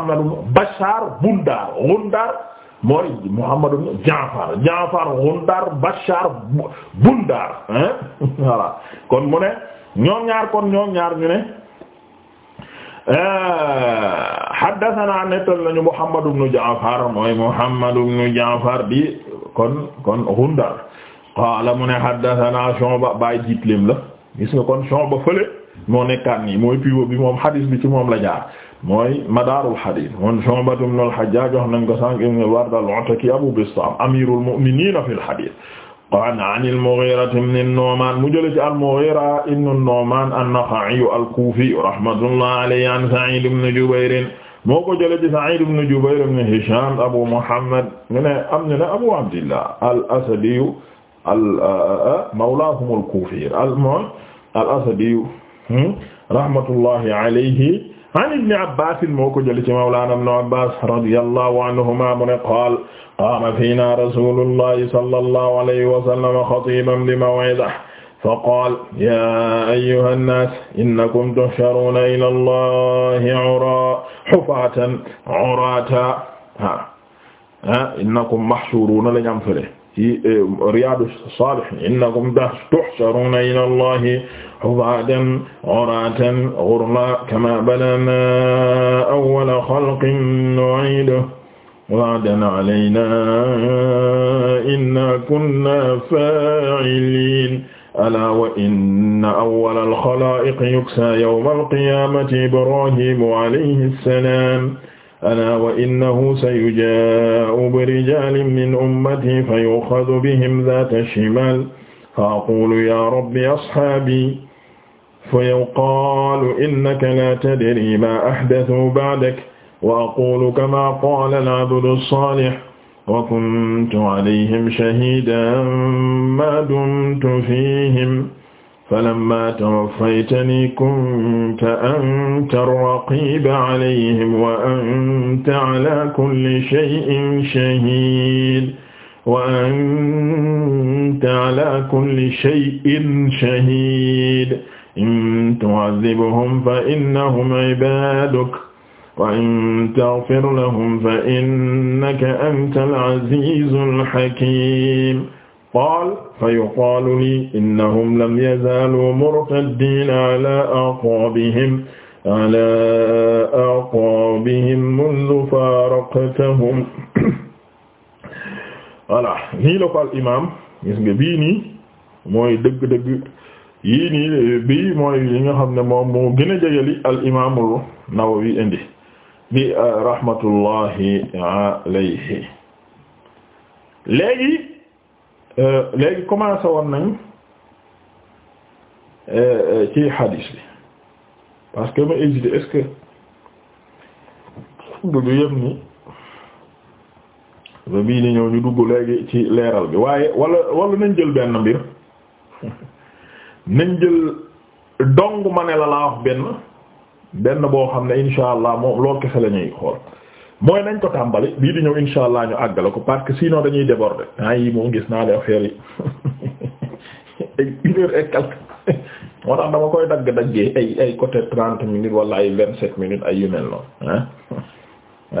Muhammad Bashar Bundar Gundar mooy Muhammad Jaafar kon mu ne ñoom ñaar kon ñoom ñaar ñu ne euh, haddathana nettal nañu mu ne haddathana Shu'ba baay jiitlim la gis nga kon Shu'ba fële moo nekkaat nii mooy pivot bi moom hadis bi ci moom la jaar mooy madaarul xadiis moom Shu'batu ibn al-Hajjaaj wax nañ ko sànq ibn Ward al-Ataki Abu Bistaam amiirul mu'miniina fil xadiis qaala an al-Mughiira ibn an-Nu'maan mu jëlee ci al-Mughiira ibn an-Nu'maan an-Nakha'i al-Kuufi rahmatullahi alayhi an Sa'iid ibn Jubayr moo ko jëlee ci Sa'iid ibn Jubayr ibn Hishaam Abu Muhammad ñu ne am ñu ne Abu Abdillah al-Asadi al mawlaahum al-Kuufi al-Asadi hmm? rahmatullahi alayhi an ibni abbasin moo ko jëli ci mawlaana ibnu abbas radiyallahu anhuma mu ne qaal qaama fiina rasulullahi sallallahu alayhi wa sallam xatiban bi maw'iza fa qaal ya ayyuha nnaas innakum tuhsharuuna ila allahi hufaatan urata ah innakum mahshuruuna lañ am fële ci eh, Riyaadu Saalihiin innakum tuhsharuuna ila allahi ubadan uratan ghurla kama bada'naa awwala khalqin nu'iiduhu wa'dan 'alaynaa innaa kunnaa faa'iliin alaa wa inna awwala al-khalaa'iqi yuksaa yawma al-qiyaamati ibraahiimu 'alayhi salaam alaa wa innahu sayujaa'u birijaalin min ummatii fayu'khadhu bihim dhaata shimaal fa aquulu yaa rabbi ashaabii fa yuqaalu innaka laa tadrii maa ahdathuu ba'dak wa aqulu kamaa qaala al-'abdu as-saalih wa kuntu 'alayhim shahiidan maa dumtu fiihim falammaa tawaffaytanii kunta anta ar-raqiiba 'alayhim wa anta 'alaa kulli shay'in shahiid wa anta 'alaa kulli shay'in shahiid in tu'adhibhum fa innahum ibaduk wa in taghfir lahum fa innaka antal azizul hakim qaal fa yuqaalu lii innahum lam yazaaluu murtaddiina alaa a'qaabihim alaa a'qaabihim mundu faaraqtahum voilà nii la ko al imaam gis nga bii nii mooy dëgg-dëgg yii nii bii mooy li nga xam ne moom moo gën a jegeli al imaamul Nawawi indi bi ah, rahmatullahi alayhi léegi euh, léegi commencé woon nañ euh, ci hadis bi parce que ma hésité est-ce que dugg yem ni ba bii ni ñëw ñu dugg léegi ci leeral bi waaye walla wala nañ jël benn mbir nañ jël dong ma ne la laa wax benn benn boo xam ne insha allah moom loolu kese la xool mooy nañ ko tàmbali bii di ñëw insha allah ñu àggale ko parce que sinon dañuy déborder temps yi moom gis naa ne affaire yi une heure et moo tax dama koy dagg daggee ay ay côté trent minutes wala ay vingt sept minutes ay yu mel noonu ah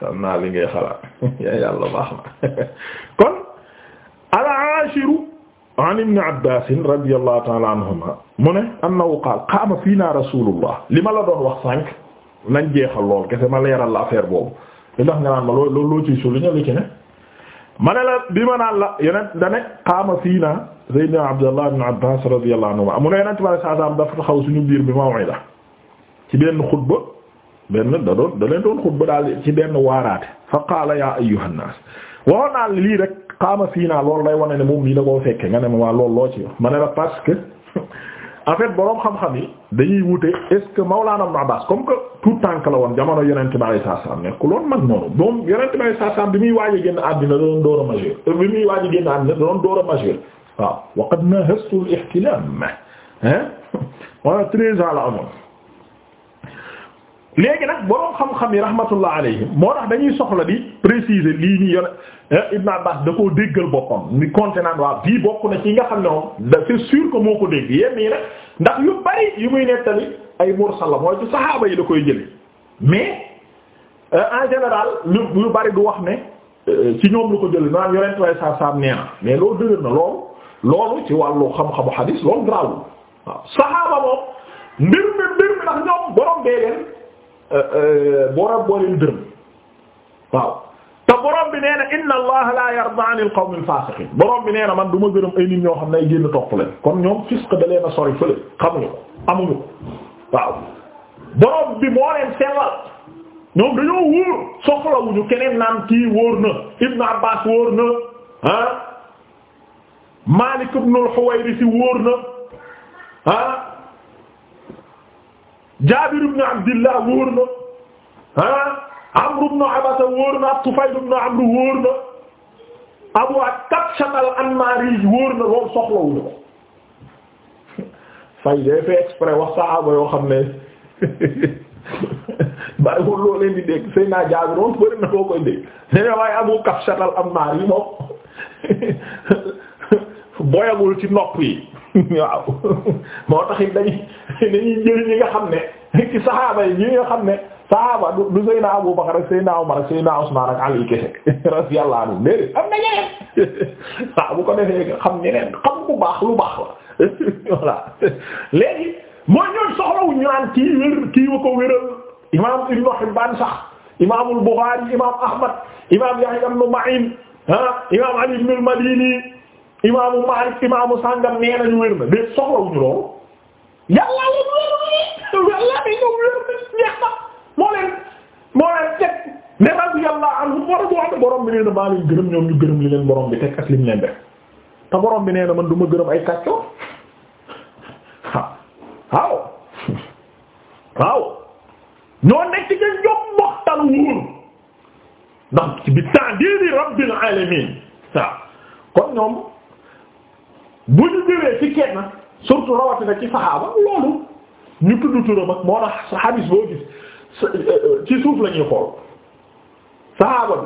a naa li ngay yàlla baax na kon al an ibni abbasin radiallahu taala anhuma mu ne annahu qaal qaama fii na rasulullah li ma la doon wax sànq nañ jeexal lool kese ma leeral la affaire boobu li tax nga naan ma loo loo ciy sulu ña lu ci ne ma ne la bi ma naan la yonent dane qaama fii na sayyidina abdullah ibn abbas radiallahu anhuma mu ne yonent bale saa saam dafa taxaw suñu biir bi mawida ci benn xutba benn da doon da leen doon xutba daal ci benn waaraate fa qaala ya ayyuhan nas waxoon naa lii rek xaama fii naa lool lay wane ne moom mii da koo fekke nga ne ma waa loo ci ma ne la parce que boroom xam-xam yi dañuy wute est-ce que Mawlana Abbas comme que tout tànk la woon jamono yonent bi alayhi salaam nekkul woon mag noonu moom yonent bi alayhi salaam bi muy waaj a génn àddina da doon door a majeur euh, bi muy waaj a génn àddina doon door a majeur waaw wa qad nahastu al hein wala 13 ans amoon léegi nag boroom xam-xam yi rahmatullah alayhim moo tax dañuy soxla di préciser lii nii yone eh, Ibn Abbas da koo déggal boppam ni compté naan waaw bii bokk na ci nga xam ne moom da c'est sûr que moo ko dégg yenn yi nag ndax yu bari yu muy nettali ay mursal la mooy ci saxaaba yi da koy jële mais eh, en général lu yu bari du wax ne eh, ci ñoom lu ko jële naan yonent way sa saam nee na mais loolu dëgër na loolu loolu ci wàllu xam-xamu xadiis loolu grawul waaw saxaaba Euh, euh, borom boo leen dërëm waaw te borom bi nee na inna allaha la yarda anil qawmil fasiqin borom bi nee na man du ma gërëm ay nit ñoo xam ne ay génn topp leen kon ñoom fisq da leen a sori fële xamuñu ko amuñu ko waaw borom bi moo leen sellal ñoom dañoo Ibn Abbas wóor na Malik ibn al-Huwayrisi wóor na ah? Jaabir ibn Abdillah wóor na ah Amr Abasa wóor na Tufayl ibn Amr wóor Abu Kabshan al-Anmari wóor na loolu soxlawuñu ko fay day fay exprès yoo xam ne bàyyi wul leen di dégg sëy naa Jaabir moom bëri koy dégg nee na waaye Abu Kabshan al-Anmari moom boyagul ci nopp yi moo taxit dañuy. mooy yi jël nga xam ne ci yi ñi nga xam ne saxaaba du Seydina Abu Bakar ak Seydina Umar ak Seydina Usmaan ak Ali kese radiyallahu anhu déedéet am na ñeneen waaw bu ko defee xam ñeneen xam bu baax lu baax la voilà mooy ñooñ soxlawuñ ñu naan kii wér kii wa ko wéral Hibbaan sax imaamul Buxaari imam Ahmad imam Yahya ibn Ma'in ah imam Ali ibn al-Madini imaamu Maalik imaamu sàngam nee nañu wér na déet soxlawuñu loolu yàlla leen wér yàlla ni ñoom wér nañ jeex na moo leen moo leen teg ne radiyallahu anhum war a borom bi nee na maa leen gërëm ñoom ñu gërëm li leen borom bi teg ak lim leen def te borom bi nee na man du ma gërëm ay kàccoor waaw waaw ñoo nekk ci njom moxtal wuur ndax ci bi ta'dili rabbil alamin waaw kon ñoom bu ñu ñëwee ci kenn. surtout rawatina ci saxaaba loolu ñu tudd turam ak moo tax xadiis boo gis euh, euh, ci suuf la xool saxaaba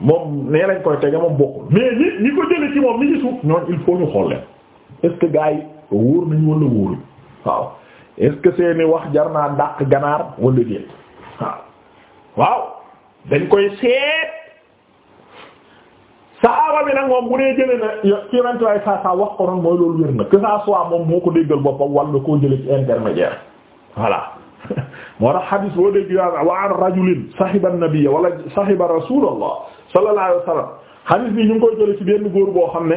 bi moom nee lañ koy tege moom bokkul mais ñi ñi ko jële ci moom ni ci suuf ñoon il faut ñu xool leen est-ce que gars yi wóor nañu waaw est seeni wax jar naa ndàq ganaar wala déet waaw waaw dañ koy seet saxaaba bi nag moom bu dee jëlee na ci yonent waaye saa saa wax ko noonu mooy loolu wér na que ça soit moom moo ko déggal boppam walla koo jëlee ci intermédiaire voilà moo tax hadis boo dégg yaa wa an rajulin sahiba an-nabiyya wala sahiba rasulallah sallallahu la wa sallam hadis bi ñu ngi koy jëlee ci benn góor boo xam ne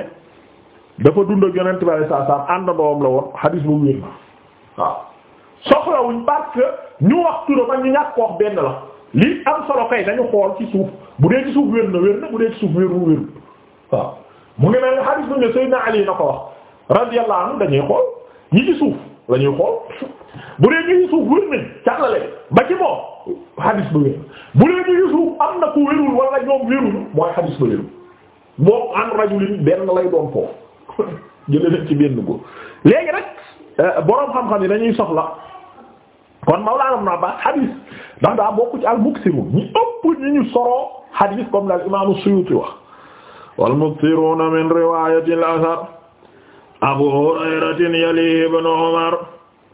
dafa dund ak yonent waaye saa àndandoom la woon hadis boobu wér na waaw soxlawuñ parce que ñu wax turam ak ñu ñàkk wax benn la. li am solo kay dañu xool ci suuf bu dee ci suuf wér na wér na bu dee ci suuf wérul wérul waaw mu bu ne ko wax radiyallahu anhu dañuy xool ñi ci suuf la ñuy xool bu dee ñi ci suuf wér nañ càllale ba ci moom hadith bu wér bu dee ñi ci suuf am na ku wérul wala ñoom wérul mooy hadith bu wérul moom an rajulin benn lay doon koo jëlee leen ci benn góor léegi nag euh, borom xam-xam yi dañuy soxla. kon Mawlana Ibn Abbas hadis ndax daa ci al-muksirun ñi ëpp ñi ñu soroo hadis comme Suyuti wax wal-muksiruna min riwaayati al-athar Abu Hurayratin yalihi Ibn Umar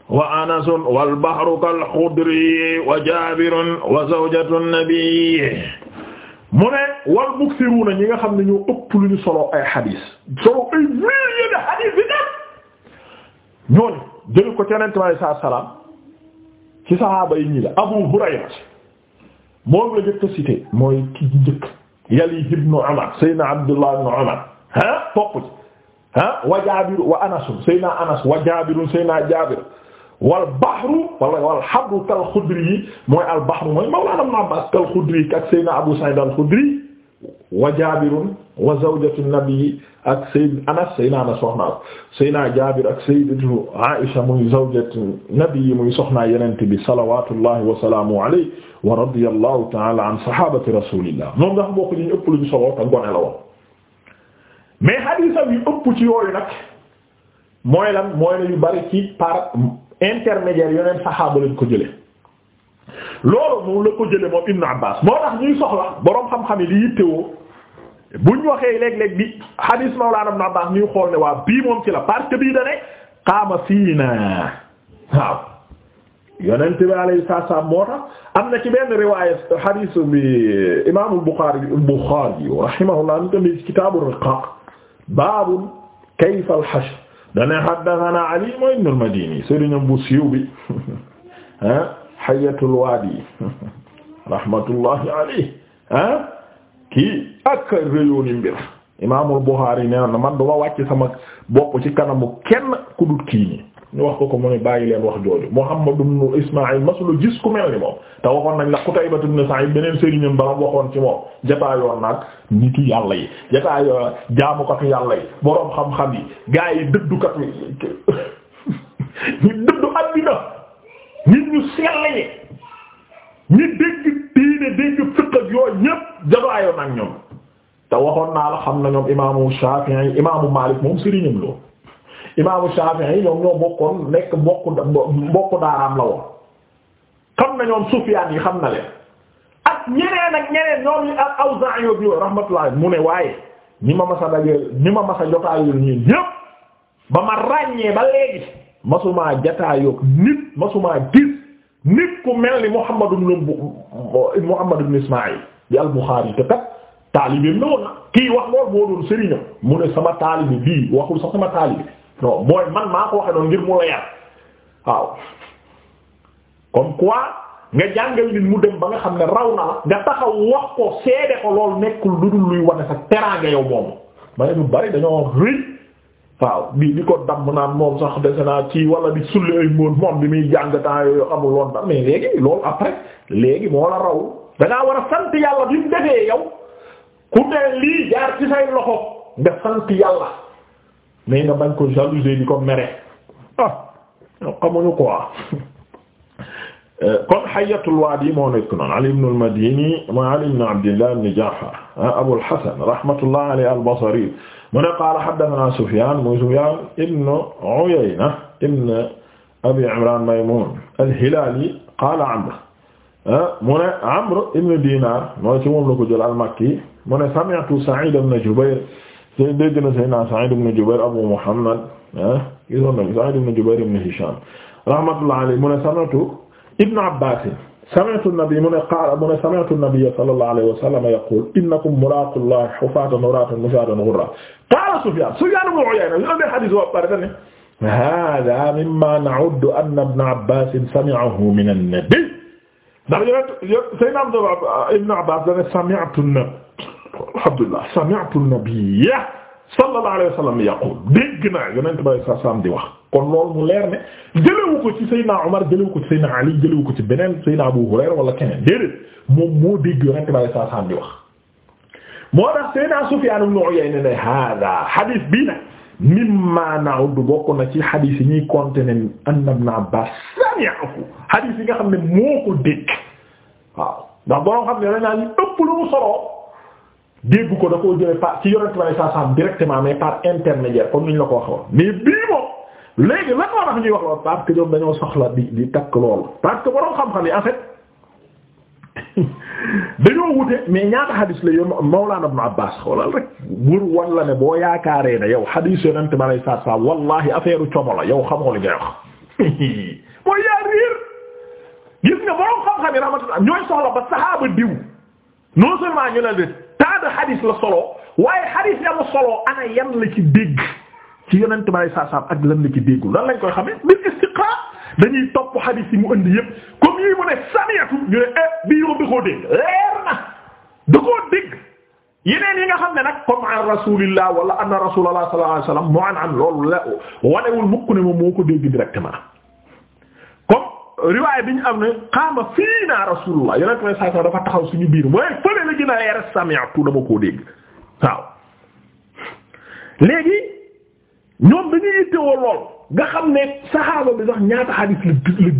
wa Anasun wal-bahru kal-khudri wa Jaabirun wa zawjatu an-nabiy mu ne wal-muksiruna ñi nga xam ne ñoo ëpp lu ñu soroo ay hadis soroo ay milliers de hadis bi ñooñu jël ko ci Yonent bi sallallahu alayhi wasallam ci saxaaba yi ñi la Abu Hurayra moom la njëkk a cité mooy ki njëkk yali ibnu Umar Seydina Abdullah ibnu Umar ah topp ci ah wa Jaabir wa Anas Seydina Anas wa Jaabir Seydina Jaabir wal bahru wala wal habru kal Xudri yi mooy al bahru mooy mawlaana Ibnu Abbaas kal Xudri ak Seydina Abu Saïd al Xudri wa jaabirun wa zawjatu nabi ak sayyid anas sayna anas soxna sayna jaabir ak sayyidatu aisha muy zawjatu nabi muy soxna yenente bi salawatullahi wa salaamu alayhi wa radiyallahu ta'ala an sahabati rasulillah moom nga xam bokk ñu ëpp lu ñu solo te gone la woon mais hadisam yu ëpp ci yooyu nag mooy lan mooy ne yu bari ci par intermédiaire yeneen saxaaba lañ ko jëlee loolu moom la ko jëlee moom Ibn Abbas moo tax ñuy soxla boroom xam-xam yi li yittewoo buñ waxee léeg-léeg bi hadis Mawlana Ibn Abbas ñuy xool ne waa bii moom ci la parce que bii da ne qaama fiina waaw yonent bi alayhi salaam am na ci benn riwaaya hadis bi imaamul Buxaari Buxaari rahimahullah mi tamit kitaabu riqaaq baabu kayfa al-hashr dana haddathana Ali mooy ibn al-Madini sëriñam bu siiw bi ah hayatul waadi rahmatullahi kii ak réyooni mbir imaamul Buxaari nee na man duma wàcc sama bopp ci kanamu kenn ku dut kii nii ñu wax ko ko mu ne bàyyi leen wax jooju Muhammad ibn Ismaayil masula gis ku mel ni moom te waxoon nañ la Qutayba ibn Sa'id beneen sëriñam bala waxoon ci moom jataayoon nag nitu yàlla yi jataayoo jaamukatu yàlla yi boroom xam-xam yi gaa yi dëddukat yi ñu dëddu àddina nit ñu sell yi ñi dégg diine dégg fiqh yooyu ñépp jadaayoon ak ñoom te waxoon naa la xam na ñoom imaamu Shafi'i imaamu Malik moom sëriñam lool imaamu Shafi'i ñoom ñoo bokkoon nekk mbokku mbokku daaraam la woon xam na ñoom Sufyaan yi xam na leen ak ñeneen ak ñeneen ñoom yi ak Awzaa'i yo bi rahmatullah mu ne waaye ñi ma masa dajeel ñi ma masa jotaayul ñun ñépp ba ma ràññee ba léegi masumaa jataayoog nit masumaa gis nit ku mel ni Muhammad ibn Muhammad ibn Ismaïl di al-Bukhari te kat taalibeem la kii wax loolu moo doon sëriñam mu ne sama taalibe bii waxul sax sama taalibe non mooy man maa ko waxe doon ngir mu la yar waaw comme quoi nga jàngal nit mu dem ba nga xam ne raw na la nga taxaw wax ko seede ko loolu nekkul lu dul luy wane sa teraanga yow moomu ma ne bari dañoo rëy waaw bii di ko damm naan moom sax dese naa ci wala di sulli ay moon moom bi muy jàng temps yooyu amul woon dara mais léegi loolu après léegi moo la raw dangaa war a sant yàlla bi mu ku ne lii jaar ci loxo nga sant yàlla mais nga bañ ko jalouser di ko mere ah xamuñu quoi waadi moo nekk noonu Ali ibn al-Madini mooy Ali ibn Abdillah ibn Ja'far ah Abul Hasan rahmatullah alayhi al-Basri mu ne qaala haddathana Sufyaan muy Sufyaan ibn Uyayna ibn Abi Imraan Maymuun al-Hilaali qaala Amr ah, mu ne Amr ibn Diinaar mooy ci moom la ko jël al-Makki mu ne sami'tu Sa'iid ibn Jubayr dégg na Sayyidinaa Sa'iid ibn Jubayr Abu Muhammad ah, gisoon na Sa'iid ibn Jubayr ibn Hishaam rahmatullahi alayhi mu ne sami'tu Ibn Abbaas sami'tu an-nabi mu ne qaala mu ne sami'tu an-nabi sallallahu alayhi wa sallam yaqul innakum mulaaqullah hufaatan uraatan musaatan ghurra qaala Sufyaan Sufyaan ibn Uyayna li doon hadiis wa pare ne haaza mimmaa na'uddu anna ibn Abbaas sami'ahu min an-nabi ndax Seydina Ibn Abbaas dane sami'tu an-nabi alhamdulillah sami'tu an-nabi sallallahu alayhi wa sallam yaqul dégg naa Yonent bi sallallahu alayhi wa sallam di wax kon loolu mu leer ne jëlewu ko ci Seydina Omar ko ci Seydina Ali jëlewu ko ci beneen Seydina Abu Hurayra wala keneen déedéet moo dégg Yonent bi sallallahu alayhi di wax. moo tax Seydina Sufyaan ibn Uyayna ne haaza hadith bii nag mimmaa na'uddu bokk na ci hadith yi ñuy compter ne anna Ibn Abbaas sami'ahu hadith yi nga xam ne moo ko dégg waaw ndax borom xam ne dañ naan ëpp lu mu soroo ko da koo ci Yonent bi sallallahu alayhi wasallam directement mais par intermédiaire comme ñu la ko waxee bii léegi lan moo tax ñuy wax loolu parce que ñoom dañoo soxla di di takk loolu parce que borom xam-xam yi en fait dañoo wute mais ñaata xadis la yow Mawlana Ibn Abbas xoolal rek bur wan ne boo yaakaaree ne yow xadis yonent ma lay saat saam wallahi affaire como la yow xamoo nga borom xam-xam yi rahmatullah ñooy soxla ba saxaaba diw non seulement ñu ne de tas xadis la solo waaye xadis ya mu solo ana yan la ci dégg ci yonent bi ay saasaam ak lan la ci déggul lan lañ koy xamee bil istiqra dañuy topp xadiis yi mu indi yëpp comme yii mu ne samiatu ñu ne eh bii yow da koo dégg leer na da koo dégg yeneen yi nga xam ko dégg directement bi ñu am ne qaama fii naa yonent bi ay saasaam dafa taxaw suñu biir mooy fële la gën a leer samiatu dama koo dégg waaw léegi. ñoom dañuy ittewoo lool nga xam ne saxaaba bi sax la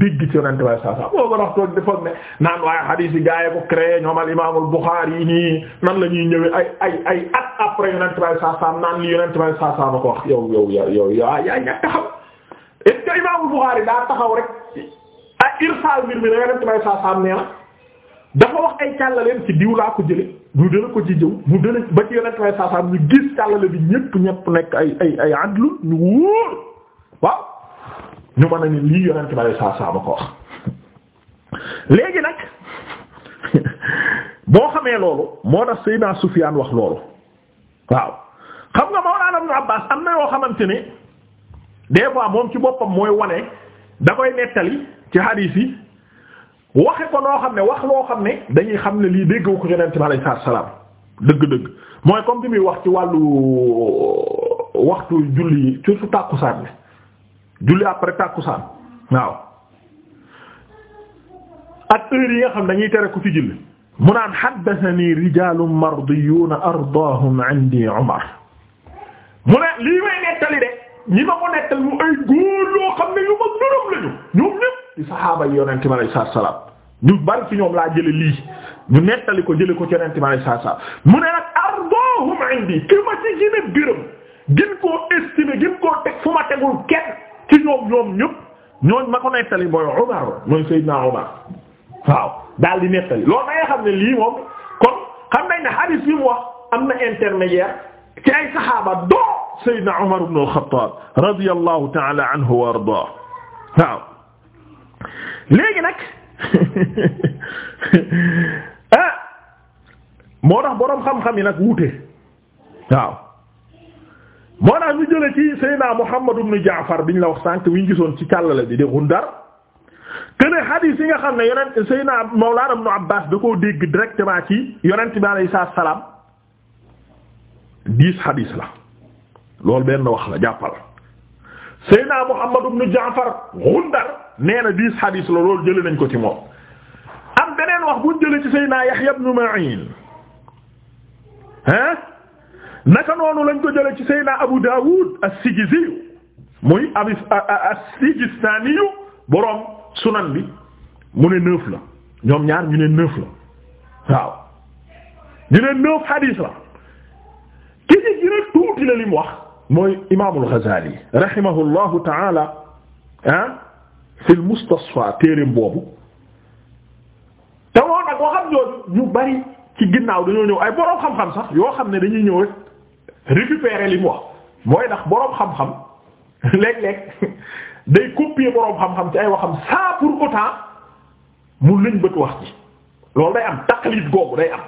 dégg ci yonente way saa sa moo ko wax toog defoon ne naan waaye xadis yi gaa yi ko créé ñoom al yi nii la ñuy ñëwee ay ay ay at après yonente way saa sa naan ko wax yow yow yow yaa yaa ñàkk xam est ce que imaamul Buxaari daa taxaw dafa wax ay càllaleen ci diw laa ko jële ñu dana ko ci jëw ñu dana ba ci yonent way saasaam ñu gis càllale bi ñépp ñépp nekk ay ay ay àndlu ñu wóor waaw ñu mën a ni lii yonent ba lay saasaama ko wax léegi nag boo xamee loolu moo tax Seydina Sufyaan wax loolu waaw xam nga Mawlaana Ibnu Abbaas am na yoo xamante ne des fois moom ci boppam mooy wane da koy nettali ci hadiis yi waxe ko noo xam ne wax loo xam ne dañuy xam ne lii déggu ko yonent bi alayhi salaam dëgg-dëgg mooy comme bi muy wax ci wàllu waxtu julli ci su tàkkusaan bi julli après tàkkusaan waaw ak heure yi nga xam dañuy tere ku ci julli mu naan haddathani rijalun mardiyun ardaahum indi Umar mu ne lii may nettali de ñi ma mu ay góor yu ma gërëm ci saxaaba yi yonente mi alayhi salaatu salaam ñu bari ci ñoom laa jële lii ñu nettali ko jële ko ci yonente mi alayhi salaatu salaam mu ne nag ardohum indi ki ma ci gën a gërëm gën koo estimer gën koo teg fu ma tegul kenn ci ñoom ñoom ñëpp ñooñ ma ko nettali mooy Umar mooy Seydina Umar waaw daal di nettali loolu da ngay xam ne lii moom kon xam nañ ne hadith bi mu wax am na intermédiaire ci ay saxaaba doo Seydina Umar ibn al-Khattab radiyallahu ta'ala anhu wa ardaah waaw léegi nag ah moo tax boroom xam-xam yi nag wuute waaw moo tax ñu jële ci Seydina Muhammad ibn Jaafar biñ la wax sànq wiñ gisoon ci càllale bi di Gundar kene hadith yi nga xam ne yonent Seydina Mawlana ibn Abbas da koo dégg directement ci yonent bi alayhi salaam dix la loolu benn wax la jàppal Seydina Muhammad ibn Jaafar Gundar nee na dix hadis la loolu jëlee nañ ko ci moom am beneen wax buñ jëlee ci Seydina Yahya ibn Ma'in ah naka noonu lañ ko jëlee ci Seydina Abu Dawud as-Sijizi muy abi as-Sijistani borom sunan bi mu ne neuf la ñoom ñaar ñu ne neuf la waaw ñu ne neuf hadis la ki ci gën a tuuti la li mu wax mooy Imaamul Ghazali rahimahullahu ta'ala ah. fil mustasfa téereem boobu te woon nag boo xam ñu bari ci ginnaaw dañoo ñëw ay boroom xam-xam sax yoo xam ne dañuy ñëw rek récupérer li wax mooy ndax boroom xam-xam léeg-léeg day copier boroom xam-xam ci ay waxam saa pour autant mu lëñ bët wax ci loolu day am taqlid googu day am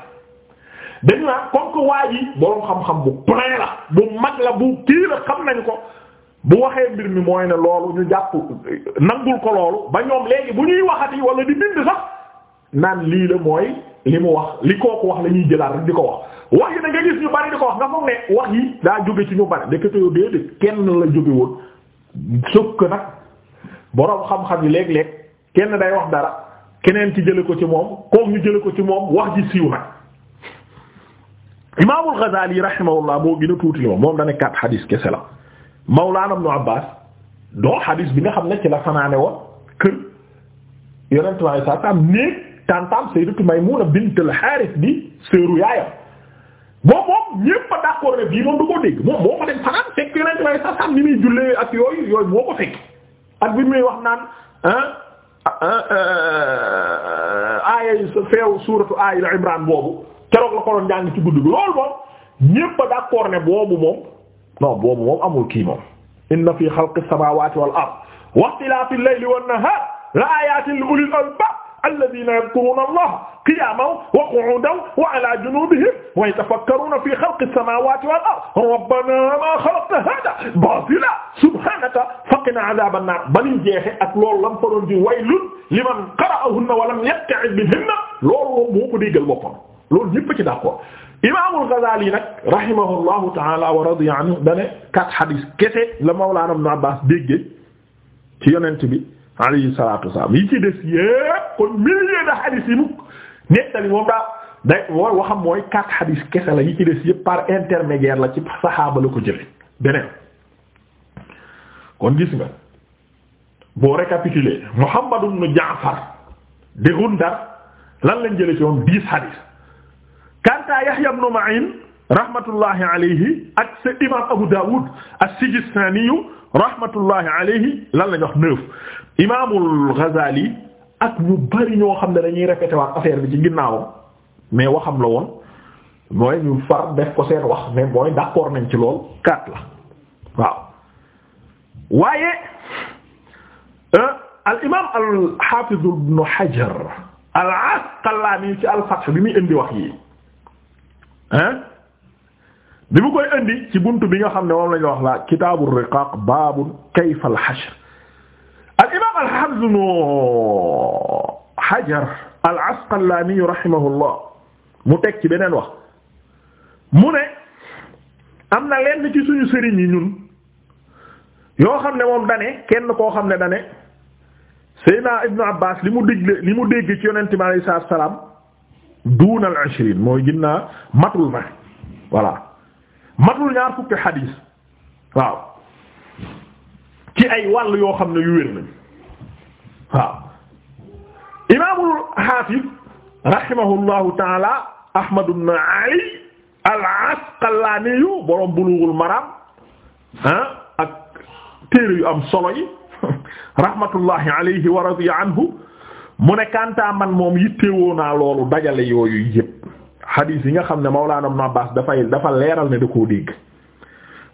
dañu naan comme que waa ji boroom xam-xam bu plein la bu mag la bu kii la xam nañu ko bu waxee mbir mi mooy ne loolu ñu jàpp nangul ko loolu ba ñoom léegi bu ñuy waxati wala di bind sax naan lii la mooy li mu wax li kooku wax la ñuy jëlaat di ko wax wax yi da nga gis ñu bari di ko wax nga foog ne wax yi daa jóge ci ñu bari ndekete yoo déedéet kenn la jóge woon sëf nag boroom xam-xam yi léeg-léeg kenn day wax dara keneen ci jële ko ci moom kook ñu jële ko ci moom wax ji siiw nag imaamul Ghazali rahimahullah moo gën a tuuti li moom moom dana kat Mawlaana Ibnu Abbaas doo xadiis bi nga xam ne ci la fanaane woon kër yonent bi alayhi salaam néeg tantam Sayyidatu Maymuna bintul Haaris bi seeru yaayam ak yooyu yooyu moo bi muy wax naan euh, aaya feew suuratu Aali Imraan boobu la ko ci guddi bi moom ñépp a ne boobu moom non boobu moom amul kii moom inna fi xalqi samawati wal ard wa ikhtilafi al-layli wan nahar la ayatin li ulil albab alladhina yadhkuruna allaha qiyaman wa qu'udan wa ala junubihim wa yatafakkaruna fi xalqi samawati wal ard rabbana ma xalaqta hada batila subhanaka faqina adhaban nar baniñ jeexe ak loolu lam fa doon di waylun liman qara'ahunna wa lam yatta'i bihinna loolu moom moo ko déggal boppam loolu ñëpp ci d'accord imaamul Ghazali nag rahimahullahu taala wa radiya anhu dane kat xadiis kese la Mawlaana Ibn Abbaas déggee ci yonent bi alayhi salaatu wassalaam yi ci des yépp kon milliers xadiis yi mu nettali moom daa day mooy waxam mooy kat xadiis kese la yi ci des yépp par intermédiaire la ci saxaaba la ko jële beneen kon gis nga boo récapituler Muhammad ibn Jaafar de Gundar lan lañ jële ci moom dix xadiis kanta Yahya ibn Ma'in rahmatullahi ak sa imam Abu Dawud as-Sijistani rahmatullahi alayhi lan lañ wax neuf imaamul Ghazali ak ñu bari ñoo xam ne dañuy répété waat affaire bi ci ginnaawam mais waxam la woon mooy ñu far def ko seen wax mais mooy d'accord nañ ci lool kat la waaw waaye euh, al imam al hafiz ibn Hajar al Asqalani ci al Fath bi muy indi wax yi ah bi mu koy indi ci bunt bi nga xam ne moom la ñu wax la kitaabu riqaaq baabu kayfa al-hashr al imaam al-Haafiz ibn al-Asqalaani rahimahullah mu teg ci beneen wax mu ne am na lenn ci suñu sëriñ yi ñun yoo xam ne moom dane kenn koo xam ne dane Seydina Ibnu Abbaas li mu digle li mu dégg ci yonent bi alayhi salaam duuna al ishrin mooy ginnaa matul ma voilà matul ñaar fukki xadiis waaw ci ay wàll yoo xam ne yu wér nañ waaw imaamul xaafid rahimahullahu taala ahmad ibn ali al asqalaaniyu boroom bulughul maram ah ak téere yu am solo yi rahmatullahi alayhi wa radiya anhu mu ne kantaa man moom yittewoo naa loolu dajale yooyu yëpp xadiis yi nga xam ne Mawlaana Ibn Abbaas dafay dafa leeral ne da koo dégg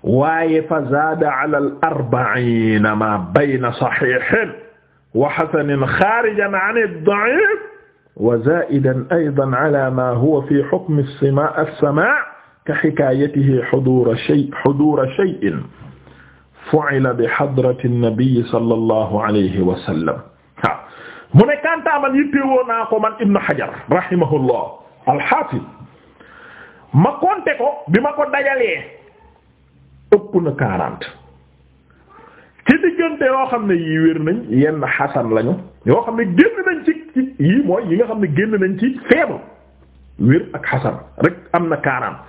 waaye fa zaada ala al arba'iina maa bayna saxiixin wa xasanin xaarijan an ad-da'iif wa zaa'idan aydan ala maa huwa fi hukmi as-samaa' as-samaa' ka xikaayatihi xuduura shay xuduura shay'in fu'ila bi hadrati an-nabiy sallallahu alayhi wa sallam mu ne Kantaa man yittewoo naa ko man Ibn Hajar rahimahullah al-Hafiz ma compter ko bi ma ko dajalee ëpp na quarante ki diggante yoo xam ne yii wér nañ yenn xasan lañu yoo xam ne génn nañ ci ci yi nga xam ne génn nañ ci faible wér ak xasan rek am na quarante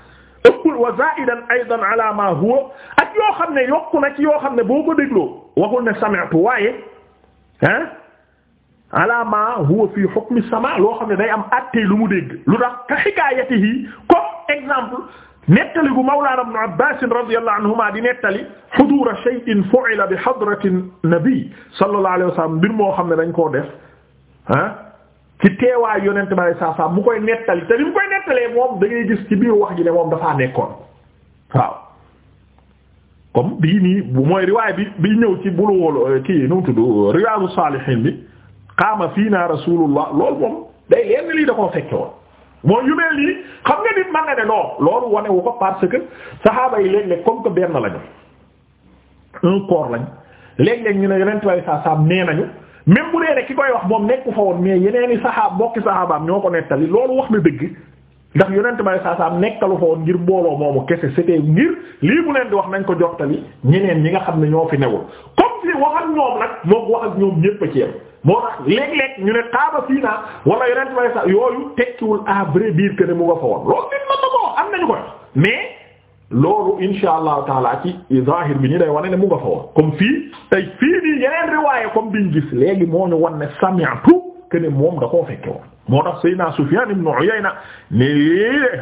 ëpp wa za'idan aydan ala ma huwa ak yoo xam ne yokku na ci yoo xam ne boo ko dégloo waxul ne sami'tu waaye ah ala ma huwa fi hukmi sama loo xam ne day am àttee lu mu dégg lu tax ka hikaayatihi comme exemple nettali gu mawlaana ibn Abbaas radiyallahu anhuma di nettali huduura shay'in fu'ila bi hadrati nabi sallallahu alayhi wa sallam mbir moo xam ne dañ koo def ah ci teewaay yonent bi saa saa mu koy nettali te ni mu koy nettalee moom da ngay gis ci biir wax ji ne moom dafaa nekkoon waaw comme bii nii bu mooy riwaay bi bi ñëw ci bulu wol kii nu mu tudd Riyaadu Saalihiin bi qaama fii naa rasulullah loolu moom day lenn lii da koo fekke woon mooy yu mel nii xam nga nit mën na ne non loolu wane wu ko parce que saxaaba yi léeg-léeg comme que benn lañu un corps lañ léeg-léeg ñu ne yeneen tubaab saa saam nee nañu même bu dee rek ki koy wax moom nekku fa woon mais yeneen i saxaab bokki saxaabaam ñoo ko nettali loolu wax na dëgg ndax yonent bay saa saa nekkalu fa woon ngir mbooloo moomu kese c'était ngir lii mu leen di wax nañ ko jottali ñeneen ñi nga xam ne ñoo fi newul comme si wax ak ak ñoom ñépp moo léeg-léeg ñu ne xaaba fii naa wala yeneen may sax yooyu tekkiwul à vrai dire que mu nga fa woon loolu nit mën na ko am nañu ko wax mais loolu insha allahu bi ñu day wane ne mu nga fa woon comme fii tey fii nii yeneen riwaaye comme biñ gis léegi moo ñu wan ne sami'tu que ne moom da koo fekke woon moo tax Seydina Sufyan ibn Uyayna ne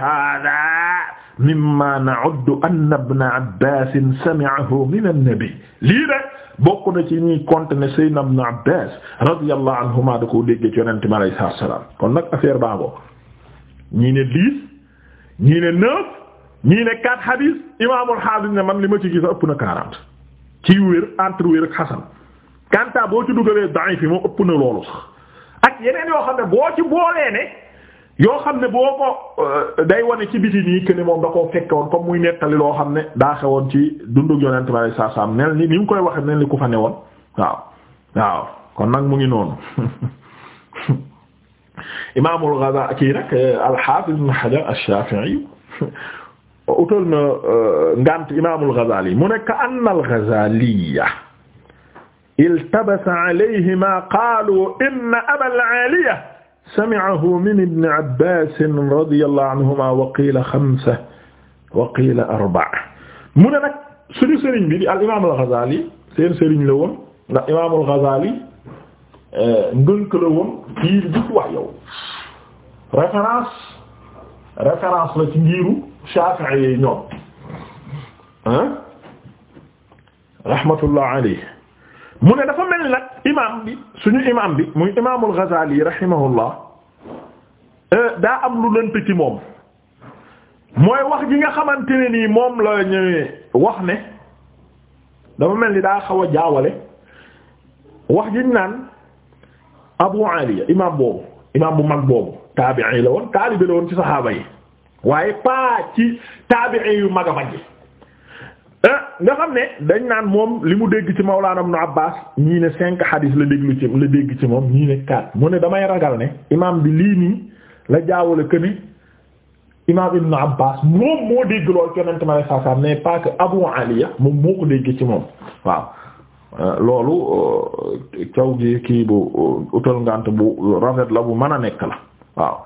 hada mimma na'uddu anna ibn Abbas sami'ahu min an-nabi lii de bokk na ci ñuy compte ne Seydina ibn Abbas radiyallahu anhuma da koo déggee ci Yonent mi alayhi salaam kon nag affaire baaboo ñii ne dix ñii ne neuf ñii ne quatre hadis imaamul Haafis ne man li ma ci gis ëpp na quarante ci wér entre wér ak xasan kanta ëpp na loolu sax ak yeneen yoo xam ne boo ci boolee yoo xam ne boo ko euh, day wone ci biti nii que ne moom da koo fekkoon comme muy nettali loo xam ne daa xewoon ci dundug yonent bi saa saa nel ni ni mu koy waxee nel ni ku fa ne woon waaw kon nag mu ngi noonu imaamul Ghazali kii nag euh, al-Hafiz Ibn Hajar al-Shafi'i utal na euh, ngant imaamul Ghazali mu ne ka anna al-Ghazaliya iltabasa alayhi ma qaalu inna Abal Aliya sami'ahu min ibn Abbas radiyallahu anhuma wa qiila xamsa wa qiila arba'a mu ne nag suñu sëriñ bi di al imaam al Ghazali seen sëriñ la woon ndax imaam al Ghazali eh, ngënk la woon ci gis wax yow référence référence la ci ngiru Shafi'i yi ñoom ah rahmatullah alayhi mu ne dafa mel nag imaam bi suñu imaam bi mu muy imaamul Ghazali rahimahullah euh, daa am lu lënt ci moom mooy wax ji nga xamante ne nii moom la ñu wax ne dafa mel ni daa xaw a jaawale wax ji naan Abu Aliya imaam boobu imaam bu mag boobu taabi'i la woon taalibe la woon ci saxaaba yi waaye pas ci taabi'i yu mag Ah, nga xam ne dañ naan moom li mu dégg ci Mawlana Ibn Abbas ñii ne cinq hadith la déglu ci la dégg ci moom ñii ne quatre mu ne damay ragal ne imaam bi lii nii la jaawale que ne imaam Ibn Abbas moom ma saa saa mais pas que Abu moom moo dégg ci moom waaw. Euh, loolu euh, caw gi kii bu euh, utal ngant bu rafet la bu mën a nekk la waaw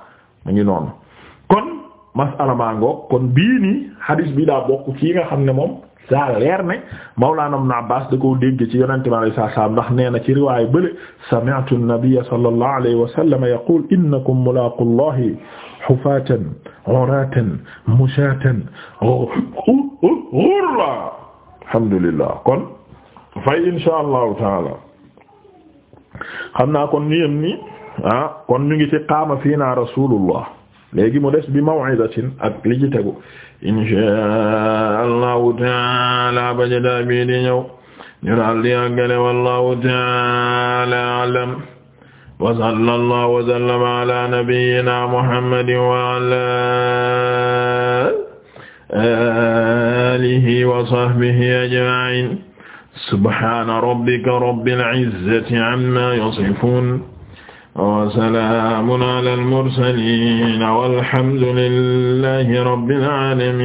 mu ngi noonu kon masala maa ngoog kon bii nii hadith bi daa bokk ci nga xam ne moom. daa leer ne Mawlana Ibn Abbas da koo dégg ci yonente bi alayhi salaam ndax nee na ci riwaaya bële sami'tu an-nabiyya sallallahu alayhi wa sallam yaqul innakum mulaqu llahi hufatan uratan mushatan ghurla alhamdulillah kon fay insha allahu taala xam naa kon ni yem ni ah kon ñu ngi ci qaama fiina rasulullah léegi mu des bi maw'idatin ak li ci tegu insha allahu taala ba jada bi di ñëw ñu daal di àggale wallahu taala alam wa sallallahu wa sallama ala nabiyyina muhammadin wa ala alihi wa sahbihi ajma'in subhana rabbika rabbil izzati amma yasifun وسلام على المرسلين والحمد لله رب العالمين